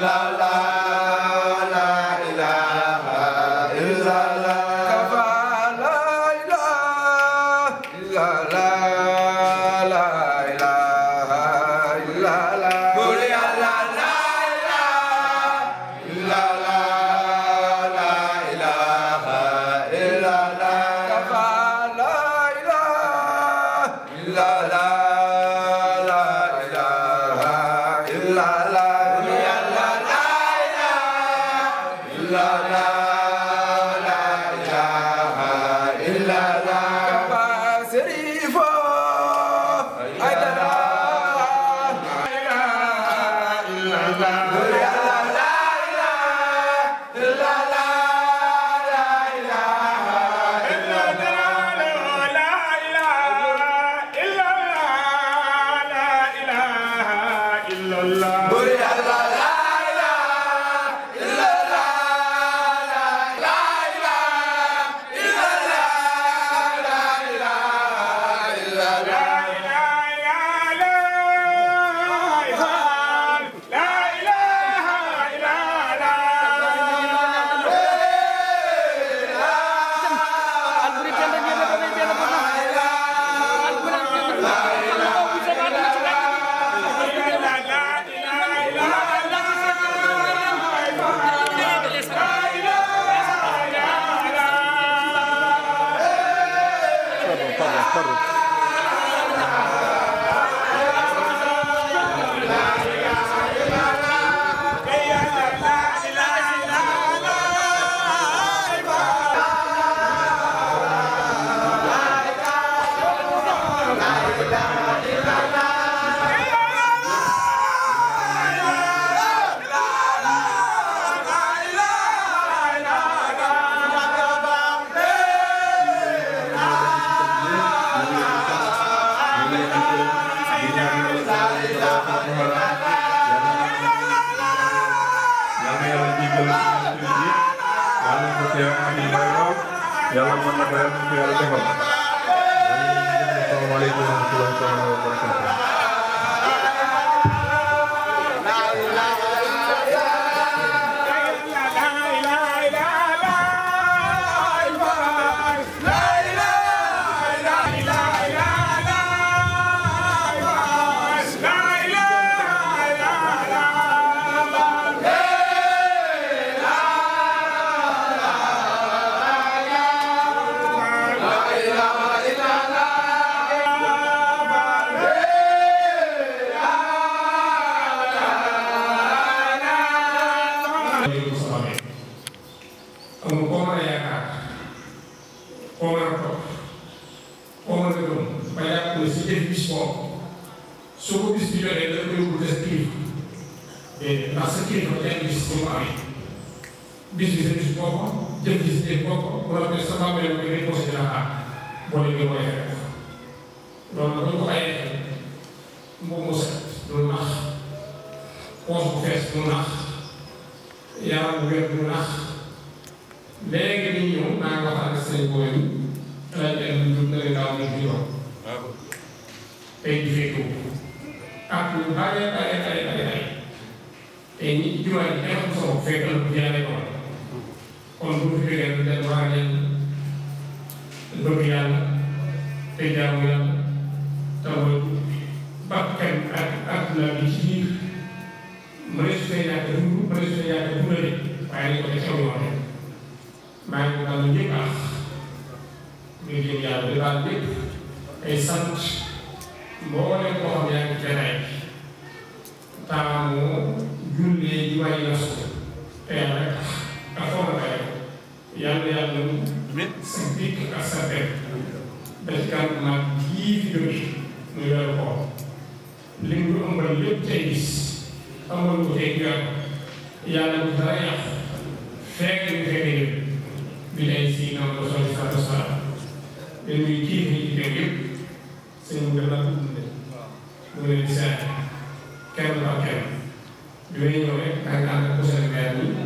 la la Allah. التخرج yàlla mën na ko yàlla defal. waaleykum def bis boobu su ko bis bi jotee da nga koy yóbbu des kilifa ndax sa kilifa yaa ngi gis ni mu amee bis bi sa bis boobu jëf ji si jëf boobu wala nga sa bàmba yow nga ko si dara boo leen koy waxee rek loolu nag ko ayee moom moo set du naax poos bu fees du naax yaram bu wér du naax léegi ni ñëw naa nga waxtaan ak seen booy laaj leen lu dul dara daaw ñu fi tey jugee ko ak lu bare bare bare bare bare tey ñi jumaa ji am solo fekkal bu jaaree ko kon bu fi jógee leen war leen bëgg yàlla te jaamu yàlla te mooy bakkan ak adduna bi ci biir mënees su fee ñàkk dund mënees su fee ñàkk dundale waaye dañ ko def sama yoon maa ngi baal ñëpp ah ñu jëm yàlla di baal ñëpp ay sant mbooleem koo xam yaa ngi janaay taamu jullee ji way nas te yàlla tax nga fonkaay yàlla yàlla sa dikk ak sa benn ba ci kanam nag jii fi jóge muy weeru koor li mu ëmbal lépp tey gis ëmbal ko tey gër yàlla bu dara yàq fekk ñu fekk yëpp bi lay si nam ko soli sa dosara dañuy jiif ñi ci teg yëpp seen gën a ñu ngi leen di seet kenn par kenn bi may ñëw rek da nga ànd ak monsieur maire bi ñu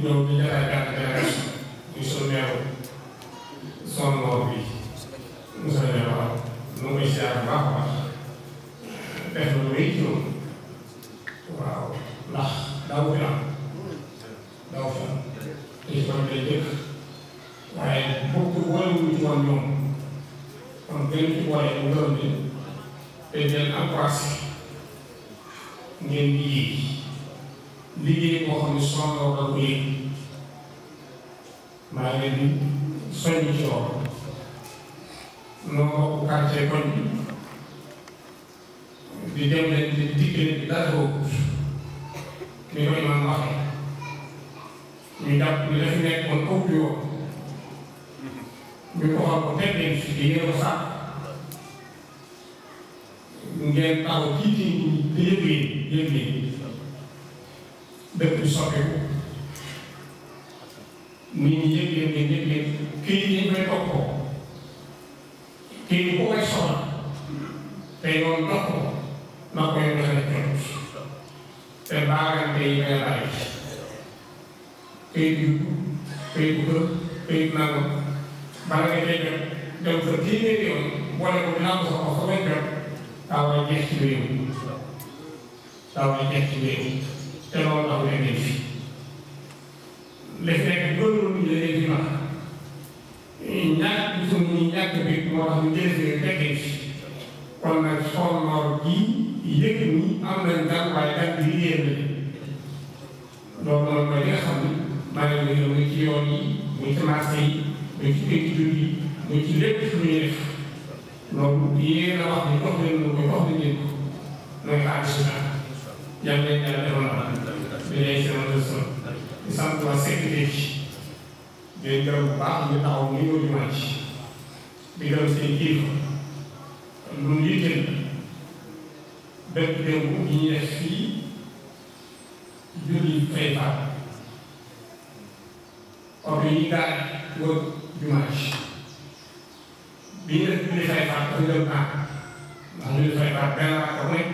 ñëw ñu jataay benn délégation ñu sunu maire son ngoor bi monsieur le maire waaw ñu ngi seet bu baax a baax def lu muy ci moom waaw ndax daaw fi am daaw fi am te ci kon day jëkk waaye bokk wàllu ci woon ñoom kon benn ci boole ñu te ngeen encouragé ngeen liggéey liggéey boo xam ne soxna war na ko yëg maa ngi leen di ci loolu noo bokk quartier koñ di dem leen di diggante bi dara bokkut ni koy man waxee ñu jàpp li dafa nekkoon ëpp yoon ñu ko xam ko teg di yéen a ko ngeen taxaw ci ci yëngu yi yëngu yi dëkk bi soppeeku nit ñi yëg leen leen yëg leen kii ñu koy toppoo kii bu koy soxla te yoon dox ko na koy doxee jot te baarante yi ngay bàyyi kii bu kii bu kër kii bu nangam bala nga cay jot dem fa téeméeri yoon boole ko dinaa ko soxla fa nga jot saa waay jeex ci réew saa waay jeex ci réew te loolu tax lay nekk les rek góorgóorlu ñu leen di wax ñàkk suñu ñàkk bi moo tax ñu jëlee fekkee kon nag sonnoor ji yëg ni am na gan waaye gan bi liggéey na loolu moom mooy li nga xam ne maa ngi leen di ci yoon yi muy ci marché yi muy ci pétrole yi muy ci lépp lu ñuy def loolu yéen a wax ni dox leen não ko wax ni loolu la àdduna yàlla leen yàlla defal la bi lay sama def sol di sant waa sécurité bi ñooy gërëm bu baax ñu taxaw muy ñëw jumaa ci di gërëm seen kilifa lu ñu jël bi ñu def julli fay faat dafa jël tànk ndax julli fay faat benn rakka bu nekk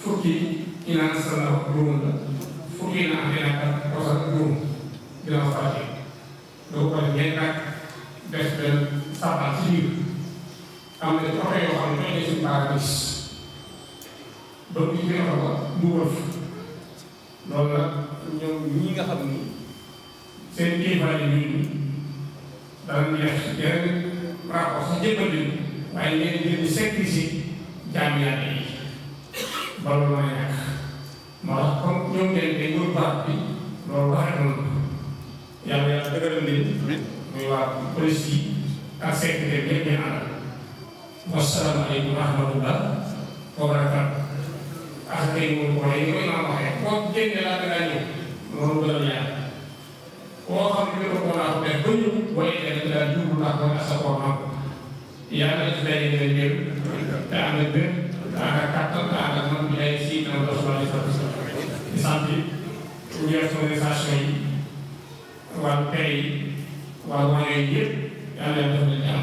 fukki inaan sala juróom la fukki inaan dina ak posal juróom dina ko fàtte doo ko def ñeent rakk def benn sabal ci biir am na ci oto yoo xam ne dañuy suñu paradis ba bu ñu ko ba mu wër loolu la ñoom ñi nga xam ni seen kilifa yi ñun danañ def yeneen rapport si bi waaye ngeen di leen sacrifier jaamu yàlla yi ba loolu mooy nekk moo tax comme ñoom dañ day wër baat bi loolu wax na loolu yàlla yàlla dëgëral leen muy waa police yi ak sécurité bi yëpp ñu àndal wasalaamaaleykum wa rahmatullah wa barakaatu ak tey moom ko léegi mooy maa waxee koo génne laa dangaa ñëw loolu gën a ñaar koo xam ne ko ko laa ko وإن لا يمنع ولا سبب yàlla ci day day jël te ànd ak benn te ànd ak kàttan te ànd ak man bi ay sii dama dox wàllu sa sa di sant organisation yi wàllu pay yi wàllu wane yi yëpp yàlla yàlla def leen am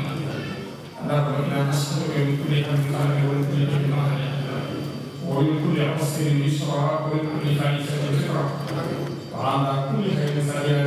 ndax ba dina nas yow ñu tuddee am ñu xam ne wala tuddee am ñu xam ne ومن كل عسر يسرا ومن كل فائدة يسرا وعلى كل خير سريع